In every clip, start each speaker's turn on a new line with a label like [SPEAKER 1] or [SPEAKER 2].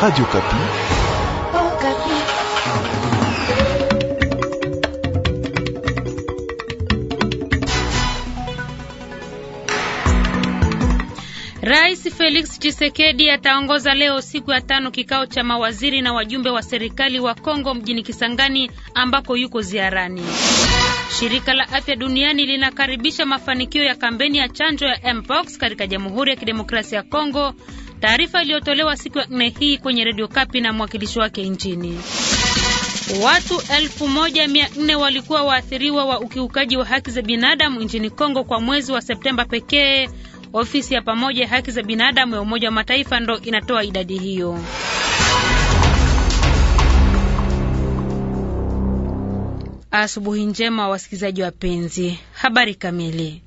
[SPEAKER 1] Radio Okapi.
[SPEAKER 2] Rais Felix Tshisekedi ataongoza leo siku ya tano kikao cha mawaziri na wajumbe wa serikali wa Kongo mjini Kisangani ambako yuko ziarani. Shirika la Afya Duniani linakaribisha mafanikio ya kampeni ya chanjo ya Mpox katika Jamhuri ya Kidemokrasia ya Kongo taarifa iliyotolewa siku ya nne hii kwenye redio Kapi na mwakilishi wake nchini. Watu elfu moja mia nne walikuwa waathiriwa wa ukiukaji wa haki za binadamu nchini Kongo kwa mwezi wa Septemba pekee. Ofisi ya pamoja ya haki za binadamu ya Umoja wa Mataifa ndo inatoa idadi hiyo. Asubuhi njema wasikilizaji wapenzi, habari kamili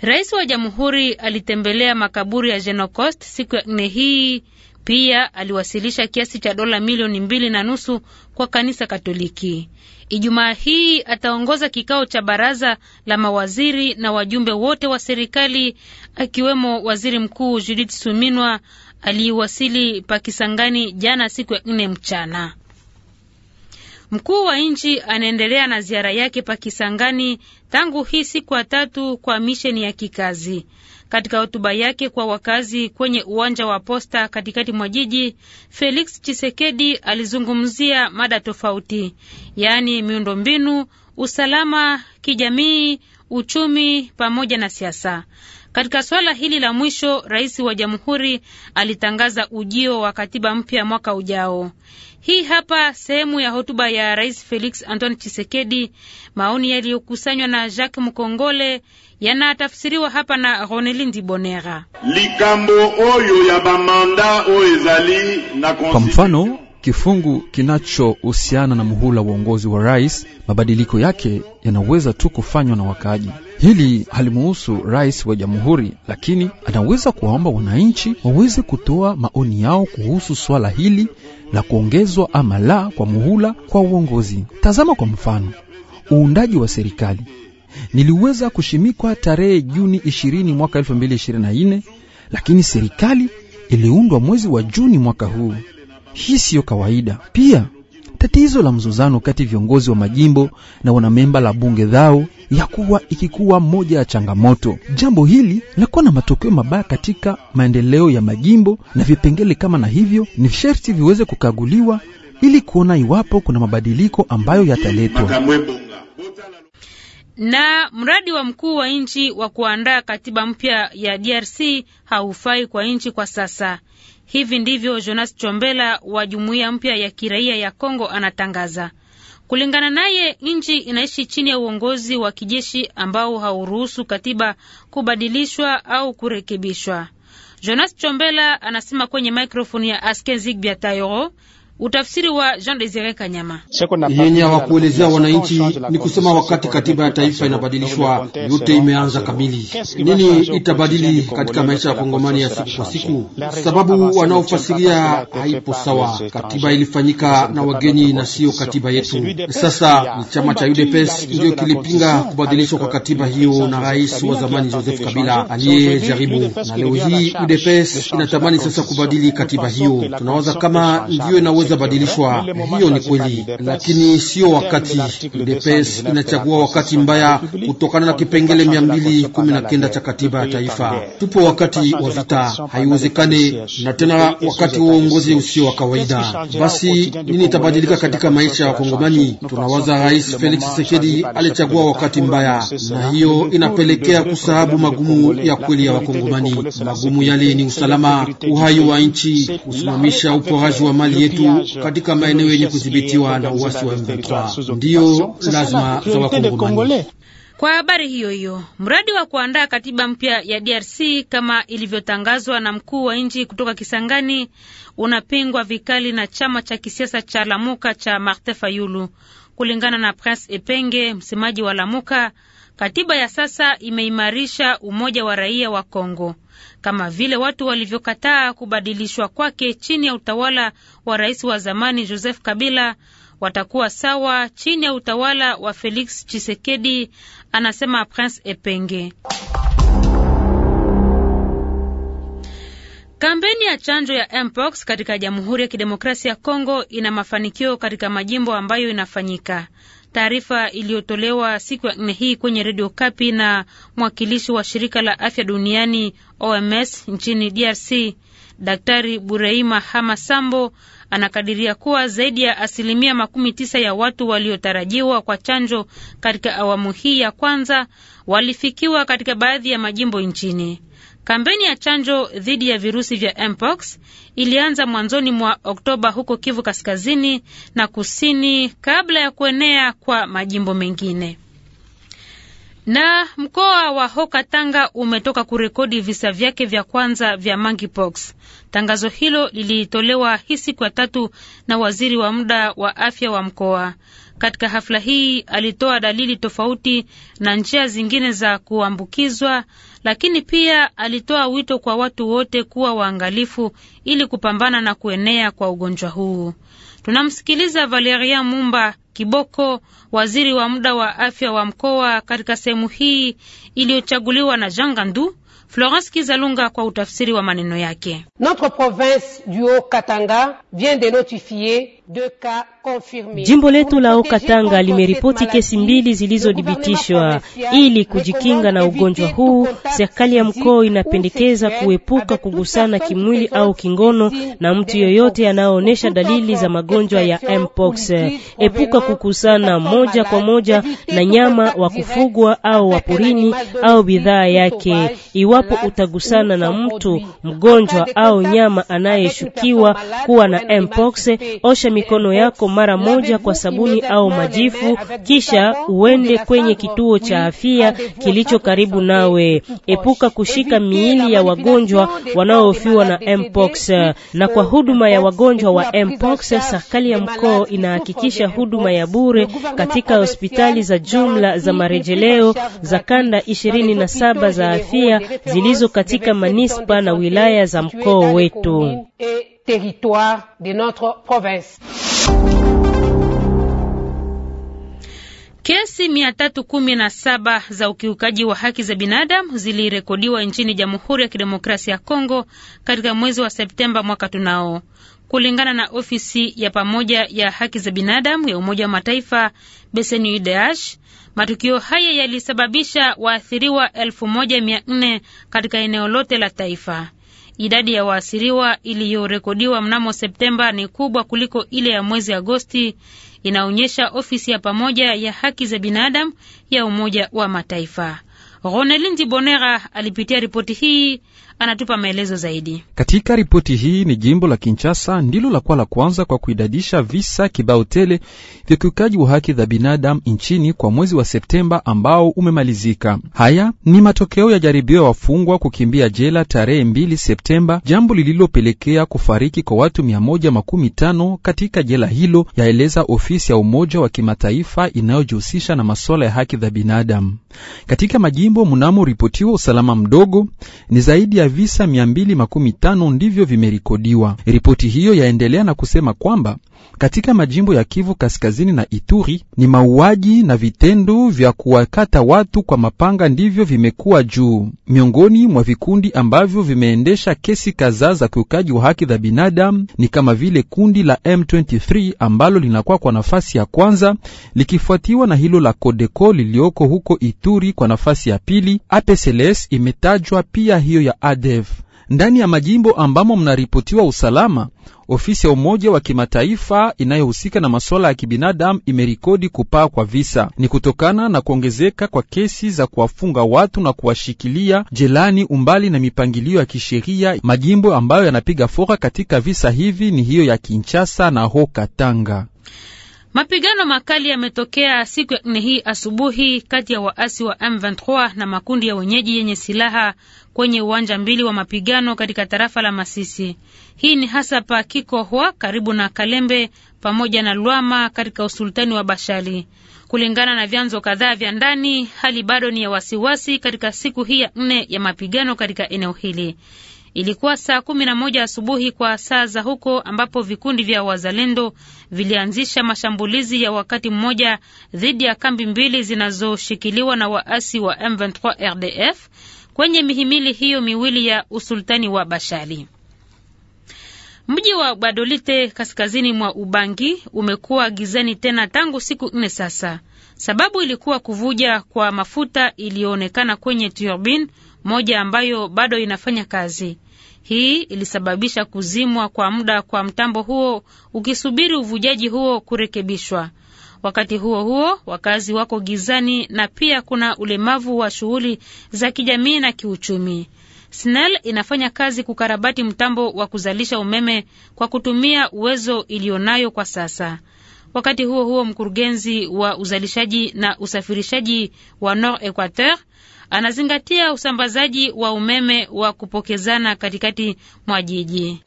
[SPEAKER 2] Rais wa Jamhuri alitembelea makaburi ya Genocost siku ya nne hii. Pia aliwasilisha kiasi cha dola milioni mbili na nusu kwa kanisa Katoliki. Ijumaa hii ataongoza kikao cha baraza la mawaziri na wajumbe wote wa serikali, akiwemo waziri mkuu Judith Suminwa aliyewasili Pakisangani jana siku ya nne mchana. Mkuu wa nchi anaendelea na ziara yake pa Kisangani tangu hii siku ya tatu kwa misheni ya kikazi. Katika hotuba yake kwa wakazi kwenye uwanja wa posta katikati mwa jiji, Felix Chisekedi alizungumzia mada tofauti, yaani miundombinu, usalama kijamii, uchumi pamoja na siasa. Katika suala hili la mwisho, rais wa jamhuri alitangaza ujio wa katiba mpya mwaka ujao. Hii hapa sehemu ya hotuba ya Rais Felix Antoine chisekedi Maoni yaliyokusanywa na Jacques Mkongole yanatafsiriwa hapa na Ronelindi Bonera.
[SPEAKER 1] Likambo oyo ya bamanda oyo ezali na kwa mfano
[SPEAKER 3] kifungu kinachohusiana na muhula wa uongozi wa rais, mabadiliko yake yanaweza tu kufanywa na wakaaji Hili halimuhusu rais wa jamhuri, lakini anaweza kuwaomba wananchi waweze kutoa maoni yao kuhusu swala hili la kuongezwa ama la kwa muhula kwa uongozi. Tazama kwa mfano uundaji wa serikali niliweza kushimikwa tarehe Juni 20 mwaka 2024, lakini serikali iliundwa mwezi wa Juni mwaka huu. Hii siyo kawaida. Pia Tatizo la mzozano kati viongozi wa majimbo na wanamemba la bunge dhao ya kuwa ikikuwa moja ya changamoto. Jambo hili lakuwa na matokeo mabaya katika maendeleo ya majimbo, na vipengele kama na hivyo ni sherti viweze kukaguliwa ili kuona iwapo kuna mabadiliko ambayo yataletwa.
[SPEAKER 2] Na mradi wa mkuu wa nchi wa kuandaa katiba mpya ya DRC haufai kwa nchi kwa sasa. Hivi ndivyo Jonas Chombela wa jumuiya mpya ya kiraia ya Kongo anatangaza. Kulingana naye, nchi inaishi chini ya uongozi wa kijeshi ambao hauruhusu katiba kubadilishwa au kurekebishwa. Jonas Chombela anasema kwenye maikrofoni ya Askenzik Biatayoro Utafsiri wa Jean Desire Kanyama.
[SPEAKER 4] Yenye hawakuelezea wananchi ni kusema wakati katiba ya taifa inabadilishwa, yote imeanza kamili. Nini itabadili katika maisha ya kongomani ya siku kwa siku? Sababu wanaofasiria haipo sawa. Katiba ilifanyika na wageni na siyo katiba yetu. Sasa ni chama cha UDPS ndiyo kilipinga kubadilishwa kwa katiba hiyo na rais wa zamani Joseph Kabila aliye jaribu na leo hii UDPS inatamani sasa kubadili katiba hiyo. Tunawaza kama ndiyo inaweza badilishwa, hiyo ni kweli, lakini sio wakati. depes inachagua wakati mbaya kutokana na kipengele mia mbili kumi na kenda cha katiba ya taifa. Tupo wakati wa vita, haiwezekani, na tena wakati wa uongozi usio wa kawaida. Basi nini itabadilika katika maisha ya Wakongomani? Tunawaza Rais Felix Tshisekedi alichagua wakati mbaya, na hiyo inapelekea kusahabu magumu ya kweli ya Wakongomani. Magumu yale ni usalama, uhai wa nchi,
[SPEAKER 2] kusimamisha uporaji wa
[SPEAKER 5] mali yetu katika maeneo yenye kudhibitiwa na uasi wa M23, ndiyo lazima za Wakongomani.
[SPEAKER 2] Kwa habari hiyo hiyo, mradi wa kuandaa katiba mpya ya DRC kama ilivyotangazwa na mkuu wa nchi kutoka Kisangani unapingwa vikali na chama cha kisiasa cha Lamuka cha Martin Fayulu. Kulingana na Prince Epenge, msemaji wa Lamuka, katiba ya sasa imeimarisha umoja wa raia wa Kongo kama vile watu walivyokataa kubadilishwa kwake chini ya utawala wa rais wa zamani Joseph Kabila watakuwa sawa chini ya utawala wa Felix Tshisekedi, anasema Prince Epenge. Kampeni ya chanjo ya mpox katika Jamhuri ya Kidemokrasia ya Kongo ina mafanikio katika majimbo ambayo inafanyika taarifa iliyotolewa siku ya nne hii kwenye redio Kapi na mwakilishi wa shirika la afya duniani OMS nchini DRC, Daktari Bureima Hamasambo anakadiria kuwa zaidi ya asilimia makumi tisa ya watu waliotarajiwa kwa chanjo katika awamu hii ya kwanza walifikiwa katika baadhi ya majimbo nchini. Kampeni ya chanjo dhidi ya virusi vya mpox ilianza mwanzoni mwa Oktoba huko Kivu Kaskazini na Kusini kabla ya kuenea kwa majimbo mengine. Na mkoa wa Hoka Tanga umetoka kurekodi visa vyake vya kwanza vya monkeypox. Tangazo hilo lilitolewa hii siku ya tatu na waziri wa muda wa afya wa mkoa. Katika hafla hii alitoa dalili tofauti na njia zingine za kuambukizwa lakini pia alitoa wito kwa watu wote kuwa waangalifu ili kupambana na kuenea kwa ugonjwa huu. Tunamsikiliza Valeria Mumba Kiboko, waziri wa muda wa afya wa mkoa katika sehemu hii iliyochaguliwa na Jangandu. Florence Kizalunga kwa utafsiri wa maneno yake.
[SPEAKER 6] Notre province du Haut Katanga vient de notifier Jimbo letu la Okatanga limeripoti kesi mbili zilizodhibitishwa. Ili kujikinga na ugonjwa huu, serikali ya mkoa inapendekeza kuepuka kugusana kimwili au kingono na mtu yoyote anayoonyesha dalili za magonjwa ya mpox. Epuka kukusana moja kwa moja na nyama wa kufugwa au wa porini au bidhaa yake. Iwapo utagusana na mtu mgonjwa au nyama anayeshukiwa kuwa na mpox, osha mikono yako mara moja kwa sabuni au majifu, kisha uende kwenye kituo cha afya kilicho karibu nawe. Epuka kushika miili ya wagonjwa wanaofiwa na mpox. Na kwa huduma ya wagonjwa wa mpox, serikali ya mkoa inahakikisha huduma ya bure katika hospitali za jumla za marejeleo za kanda 27 za afya zilizo katika manispa na wilaya za mkoa wetu territoires de notre province.
[SPEAKER 2] Kesi mia tatu kumi na saba za ukiukaji wa haki za binadamu zilirekodiwa nchini Jamhuri ya Kidemokrasia ya Kongo katika mwezi wa Septemba mwaka tunao. Kulingana na ofisi ya pamoja ya haki za binadamu ya Umoja wa Mataifa BCNUDH, matukio haya yalisababisha waathiriwa 1400 katika eneo lote la taifa. Idadi ya waasiriwa iliyorekodiwa mnamo Septemba ni kubwa kuliko ile ya mwezi Agosti, inaonyesha ofisi ya pamoja ya haki za binadamu ya Umoja wa Mataifa. Ronelindi Bonera alipitia ripoti hii anatupa maelezo zaidi.
[SPEAKER 3] Katika ripoti hii, ni jimbo la Kinshasa ndilo la kwa la kwanza kwa kuidadisha visa kibao tele vya ukiukaji wa haki za binadamu nchini kwa mwezi wa Septemba ambao umemalizika. Haya ni matokeo ya jaribio ya wafungwa kukimbia jela tarehe 2 Septemba, jambo lililopelekea kufariki kwa watu 115 katika jela hilo, yaeleza ofisi ya Umoja wa Kimataifa inayojihusisha na masuala ya haki za binadamu. Katika majimbo mnamo ripotiwa usalama mdogo ni zaidi ya visa 250 ndivyo vimerikodiwa. Ripoti hiyo yaendelea na kusema kwamba katika majimbo ya Kivu Kaskazini na Ituri ni mauaji na vitendo vya kuwakata watu kwa mapanga ndivyo vimekuwa juu miongoni mwa vikundi ambavyo vimeendesha kesi kadhaa za kiukaji wa haki za binadamu. Ni kama vile kundi la M23 ambalo linakuwa kwa nafasi ya kwanza likifuatiwa na hilo la Codeco lilioko huko Ituri kwa nafasi ya pili. APCLS imetajwa pia hiyo ya ADF e ndani ya majimbo ambamo mnaripotiwa usalama. Ofisi ya Umoja wa Kimataifa inayohusika na masuala ya kibinadamu imerikodi kupaa kwa visa, ni kutokana na kuongezeka kwa kesi za kuwafunga watu na kuwashikilia jelani umbali na mipangilio ya kisheria. Majimbo ambayo yanapiga fora katika visa hivi ni hiyo ya Kinshasa na hoka tanga
[SPEAKER 2] Mapigano makali yametokea siku ya nne hii asubuhi kati ya waasi wa M23 na makundi ya wenyeji yenye silaha kwenye uwanja mbili wa mapigano katika tarafa la Masisi. Hii ni hasa pa Kikohwa karibu na Kalembe pamoja na Lwama katika usultani wa Bashali. Kulingana na vyanzo kadhaa vya ndani, hali bado ni ya wasiwasi katika siku hii ya nne ya mapigano katika eneo hili. Ilikuwa saa kumi na moja asubuhi kwa saa za huko ambapo vikundi vya wazalendo vilianzisha mashambulizi ya wakati mmoja dhidi ya kambi mbili zinazoshikiliwa na waasi wa M23 RDF kwenye mihimili hiyo miwili ya usultani wa Bashali. Mji wa Badolite kaskazini mwa Ubangi umekuwa gizani tena tangu siku nne sasa. Sababu ilikuwa kuvuja kwa mafuta iliyoonekana kwenye turbin moja ambayo bado inafanya kazi. Hii ilisababisha kuzimwa kwa muda kwa mtambo huo ukisubiri uvujaji huo kurekebishwa. Wakati huo huo, wakazi wako gizani na pia kuna ulemavu wa shughuli za kijamii na kiuchumi. SNEL inafanya kazi kukarabati mtambo wa kuzalisha umeme kwa kutumia uwezo iliyonayo kwa sasa. Wakati huo huo, mkurugenzi wa uzalishaji na usafirishaji wa Nord Equateur anazingatia usambazaji wa umeme wa kupokezana katikati mwa jiji.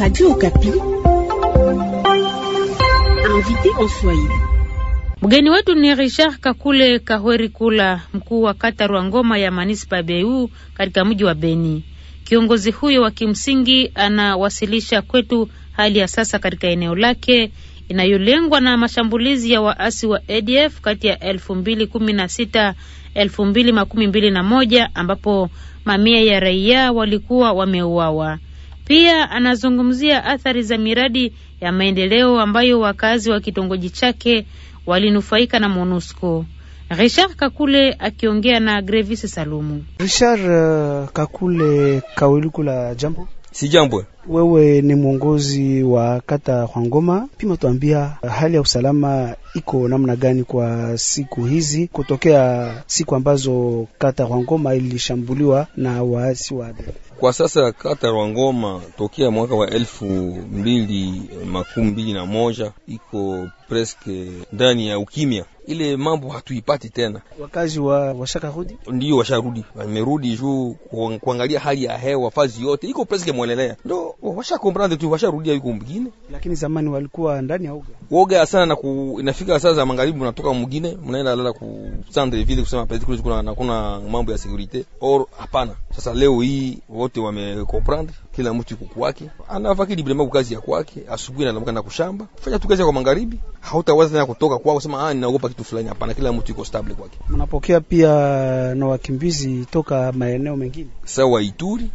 [SPEAKER 6] Radio Kapi.
[SPEAKER 2] Mgeni wetu ni Richard Kakule Kahweri Kula, mkuu wa kata Rwangoma ya manispa Beu katika mji wa Beni. Kiongozi huyo wa kimsingi anawasilisha kwetu hali ya sasa katika eneo lake inayolengwa na mashambulizi ya waasi wa ADF kati ya 2016 na moja ambapo mamia ya raia walikuwa wameuawa. Pia anazungumzia athari za miradi ya maendeleo ambayo wakazi wa kitongoji chake walinufaika na MONUSCO. Richard Kakule akiongea na Grevis Salumu.
[SPEAKER 5] Richard eh, Kakule Kawiluku, jambo si jambo wewe ni mwongozi wa kata kwa Ngoma, pima tuambia hali ya usalama iko namna gani kwa siku hizi, kutokea siku ambazo kata kwa Ngoma ilishambuliwa na waasi wa ADF?
[SPEAKER 7] Kwa sasa kata Rwangoma tokea mwaka wa elfu mbili makumi mbili na moja iko preske ndani ya ukimya, ile mambo hatuipati tena.
[SPEAKER 5] Wakazi wa washakarudi,
[SPEAKER 7] ndio washarudi, wamerudi juu kuangalia hali ya hewa, fazi yote iko preske mwelelea ndo
[SPEAKER 5] washa washakomprande tu, washarudia yuko mwingine, lakini zamani walikuwa ndani ya uga
[SPEAKER 7] uga sana na ku, inafika saa za magharibi mnatoka mwingine mnaenda lala ku centre ville kusema petit kuna kuna mambo ya securite or hapana. Sasa leo hii wote wamekomprendre kila mtu yuko kwake, anavaki diploma kwa kazi ya kwake. Asubuhi anaamka na kushamba fanya tu kazi kwa magharibi, hautawaza tena kutoka kwao kusema ah, ninaogopa kitu fulani. Hapana, kila mtu yuko stable kwake.
[SPEAKER 5] Mnapokea pia na wakimbizi toka maeneo mengine,
[SPEAKER 7] sawa Waituri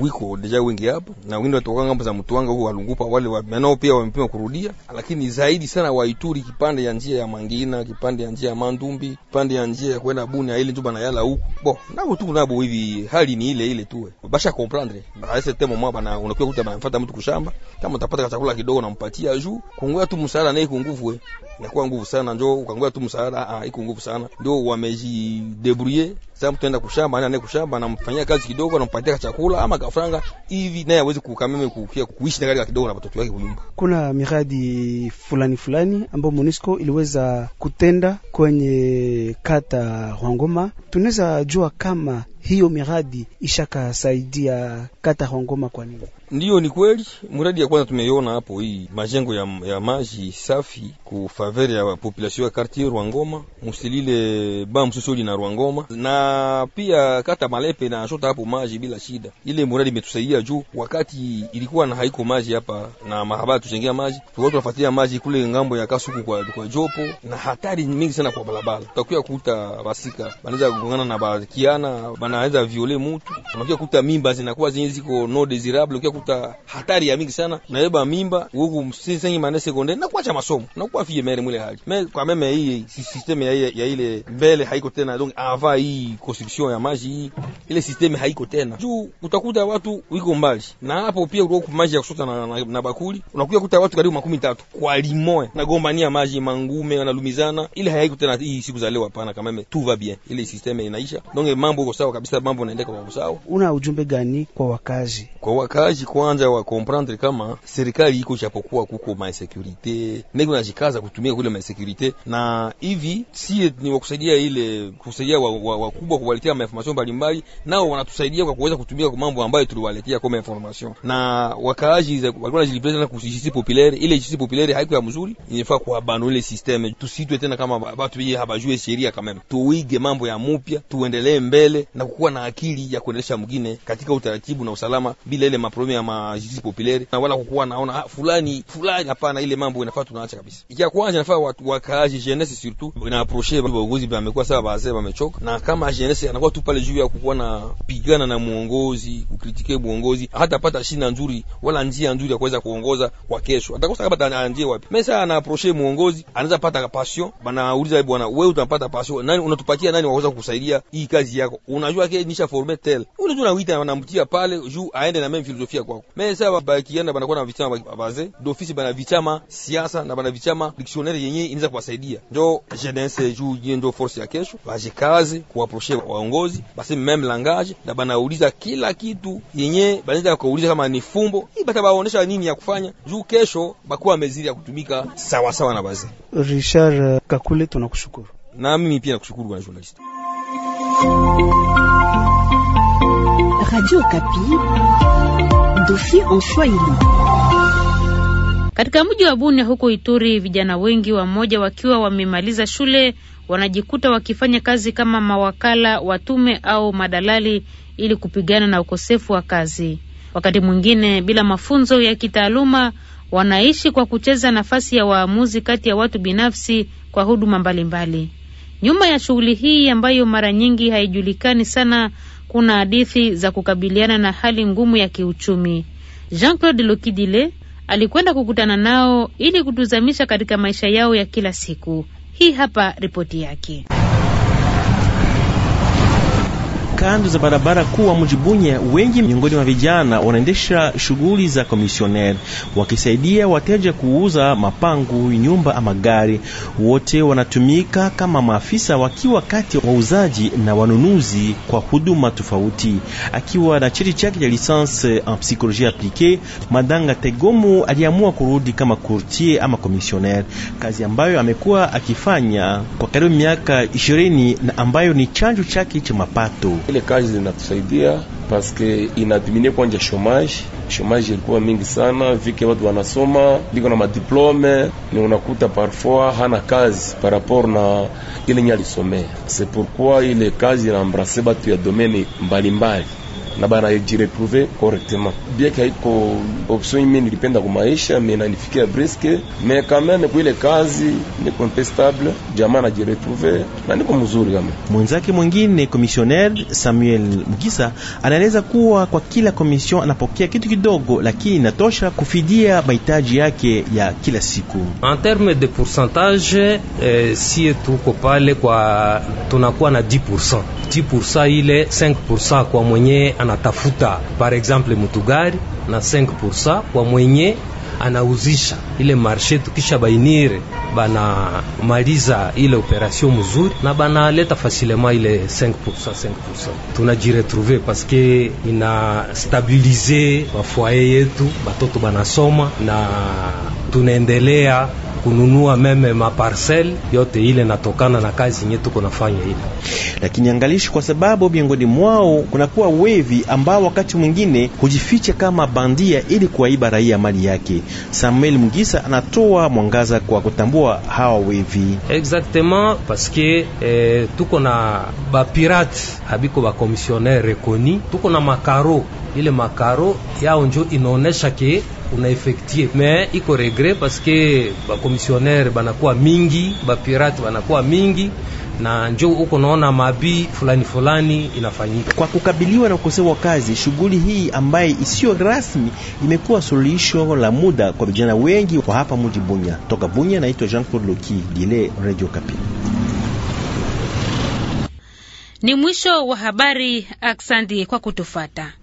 [SPEAKER 7] wiko deja wengi hapo, na wengine watoka ngambo za Mtwanga huko Walungupa, wale wanao pia wamepima kurudia, lakini zaidi sana Waituri, kipande ya njia ya Mangina, kipande ya njia ya Mandumbi, kipande ya njia ya kwenda Bunia ile njumba na yala huko bo nao tu nabo hivi, hali ni ile ile tu basha comprendre a ese tema mwa bana unakuwa kuta banamfuata mtu kushamba, kama utapata chakula kidogo nampatia juu kungoja tu msaada, na iko nguvu eh, inakuwa nguvu sana, njoo ukangoja tu msaada, ah, ah, iko nguvu sana, ndio wameji debrouiller. Sasa mtu anaenda kushamba, anaenda kushamba, anamfanyia kazi kidogo, anampatia chakula ama kafranga hivi, naye hawezi kukameme kukia kuishi na kidogo na watoto wake kunyumba.
[SPEAKER 5] Kuna miradi fulani fulani ambayo Monisco iliweza kutenda kwenye kata Rwangoma, tunaweza jua kama hiyo miradi ishakasaidia kata Rongoma. Kwa nini
[SPEAKER 7] Ndiyo, ni kweli Mradi ya kwanza tumeiona hapo, hii majengo ya, ya maji safi ku faveur ya population ya quartier Rwangoma musilile ba msusuli na Rwangoma na pia kata Malepe na shota hapo maji bila shida. Ile mradi imetusaidia juu wakati ilikuwa na haiko maji hapa na mahabara tuchengea maji, tulikuwa tunafuatia maji kule ngambo ya Kasuku kwa, kwa jopo na hatari mingi sana kwa barabara. Utakuya kuta basika banaweza kugongana na bakiana, banaweza viole mutu, unakuwa kuta mimba zinakuwa zenye ziko no desirable ukia unakuta hatari ya mingi sana, nabeba mimba huku msisengi mane sekondari na kuacha masomo na kuwa fie mere mwile hali me kwa meme hii sisteme ya, ya ile mbele haiko tena, donc ava hii construction ya maji hii ile sisteme haiko tena juu, utakuta watu wiko mbali na hapo. Pia uko maji ya kusota na, na, na bakuli unakuja kuta watu karibu makumi tatu kwa limoe limoya nagombania maji mangume wanalumizana, ile haiko tena hii siku za leo. Hapana, kama meme tu va bien, ile sisteme inaisha, donc mambo uko sawa kabisa, mambo naendeka kwa sawa.
[SPEAKER 5] Una ujumbe gani kwa wakazi,
[SPEAKER 7] kwa wakazi kwanza wa comprendre kama serikali iko japokuwa kuko ma insécurité nego na jikaza kutumia kule ma insécurité na hivi si ni wakusaidia ile kusaidia wakubwa wa, wa kuwaletea ma information mbalimbali, nao wanatusaidia kwa kuweza kutumia kwa mambo ambayo tuliwaletea kama information, na wakaaji walikuwa wanajilipleza na kusisi populaire. Ile jisi populaire haiko ya mzuri, inafaa kwa banu ile system. Tusitwe tena kama watu wengi habajue sheria, kama tuige mambo ya mupya, tuendelee mbele na kukuwa na akili ya kuendelesha mwingine katika utaratibu na usalama bila ile maprobleme ya majustice populaire na wala kukuwa naona ah, fulani fulani. Hapana, ile mambo inafaa tunaacha kabisa. Ikia kwanza inafaa watu wakaaji jeunesse surtout na approcher viongozi bamekuwa sasa baadhi bamechoka, na kama jeunesse anakuwa tu pale juu ya kukuwa na pigana na muongozi, kukritike muongozi, hata pata shina nzuri wala njia nzuri ya kuweza kuongoza kwa kesho, atakosa kama anjie wapi. Mesa ana approcher muongozi, anaweza pata passion, banauliza eh, bwana, wewe utapata passion nani, unatupatia nani waweza kukusaidia hii kazi yako? Unajua ke nisha former tel, unajua na wita wanamtia pale juu aende na mimi filosofia kwako me sa bakienda banakuwa na vichama baze d'office bana vichama siasa na bana vichama dictionnaire yenye inaweza kuwasaidia. Njo jeunesse juu yenye ndio force ya kesho, baje kazi kuaproche waongozi baseme meme langage na banauliza kila kitu yenye banaweza kuuliza, kama ni fumbo hii batabaonesha nini ya kufanya juu kesho bakuwa meziri ya kutumika sawa sawa na baze.
[SPEAKER 5] Richard Kakule, tunakushukuru.
[SPEAKER 7] Na mimi pia nakushukuru bwana journalist.
[SPEAKER 2] Radio Kapi,
[SPEAKER 6] dofi en Swahili.
[SPEAKER 2] Katika mji wa Bunia huko Ituri, vijana wengi wamoja wakiwa wamemaliza shule wanajikuta wakifanya kazi kama mawakala watume au madalali ili kupigana na ukosefu wa kazi. Wakati mwingine bila mafunzo ya kitaaluma, wanaishi kwa kucheza nafasi ya waamuzi kati ya watu binafsi kwa huduma mbalimbali. Nyuma ya shughuli hii ambayo mara nyingi haijulikani sana, kuna hadithi za kukabiliana na hali ngumu ya kiuchumi. Jean-Claude Lokidile alikwenda kukutana nao ili kutuzamisha katika maisha yao ya kila siku. Hii hapa ripoti yake
[SPEAKER 1] kando za barabara kuu wa mji wengi miongoni mwa vijana wanaendesha shughuli za komisioneri wakisaidia wateja kuuza mapangu, nyumba ama gari. Wote wanatumika kama maafisa wakiwa kati ya wauzaji na wanunuzi kwa huduma tofauti. Akiwa na cheti chake cha lisanse en psychologie appliquee, Madanga Tegomu aliamua kurudi kama courtier ama komisioneri, kazi ambayo amekuwa akifanya kwa karibu miaka ishirini na ambayo ni chanjo chake cha mapato ile kazi linatusaidia paske inadiminie kwanja shomage shomage ilikuwa mingi sana vike watu wanasoma biko na madiplome ni unakuta parfois hana kazi par rapport na ile nyalisomea c'est pourquoi ile kazi inaambrase batu ya domaine mbalimbali na bana jiretrouve correctement bien haiko option ime nilipenda kumaisha me nanifikia briske me kamene kuile kazi niko contestable stable jamaa najiretrouve na niko mzuri kama mwenzake. Mwingine komisioner Samuel Mugisa anaeleza kuwa kwa kila commission anapokea kitu kidogo, lakini inatosha kufidia mahitaji yake ya kila siku.
[SPEAKER 8] En terme de pourcentage eh, si tuko pale kwa tunakuwa na 10%, 10% ile 5% kwa mwenye ana anatafuta par exemple mutugari na 5% kwa mwenye anauzisha ile marshe. Tukisha bainire banamaliza ile operation mzuri na banaleta fasilema ile 5%, 5%. Tunajiretrouve paske inastabilize bafoye yetu, batoto banasoma na tunaendelea kununua
[SPEAKER 1] meme maparsel yote ile natokana na kazi yenye tuko nafanya ile. Lakini angalishi, kwa sababu miongoni mwao kunakuwa wevi ambao wakati mwingine hujificha kama bandia ili kuwaiba raia mali yake. Samuel Mgisa anatoa mwangaza kwa kutambua hawa wevi
[SPEAKER 8] exactement paske eh, tuko na bapirate habiko bakomisionere rekoni, tuko na makaro ile makaro yao njo inaonesha ke unaefektie me iko regre paske bakomisionere banakuwa mingi, bapirate banakuwa mingi na njo uko naona mabi fulani
[SPEAKER 1] fulani inafanyika. Kwa kukabiliwa na ukosefu wa kazi, shughuli hii ambaye isiyo rasmi imekuwa suluhisho la muda kwa vijana wengi kwa hapa mji Bunya. Toka Bunya, naitwa Jean Claude Loki Dile, Radio Kapi.
[SPEAKER 2] Ni mwisho wa habari. Aksandi kwa kutufata.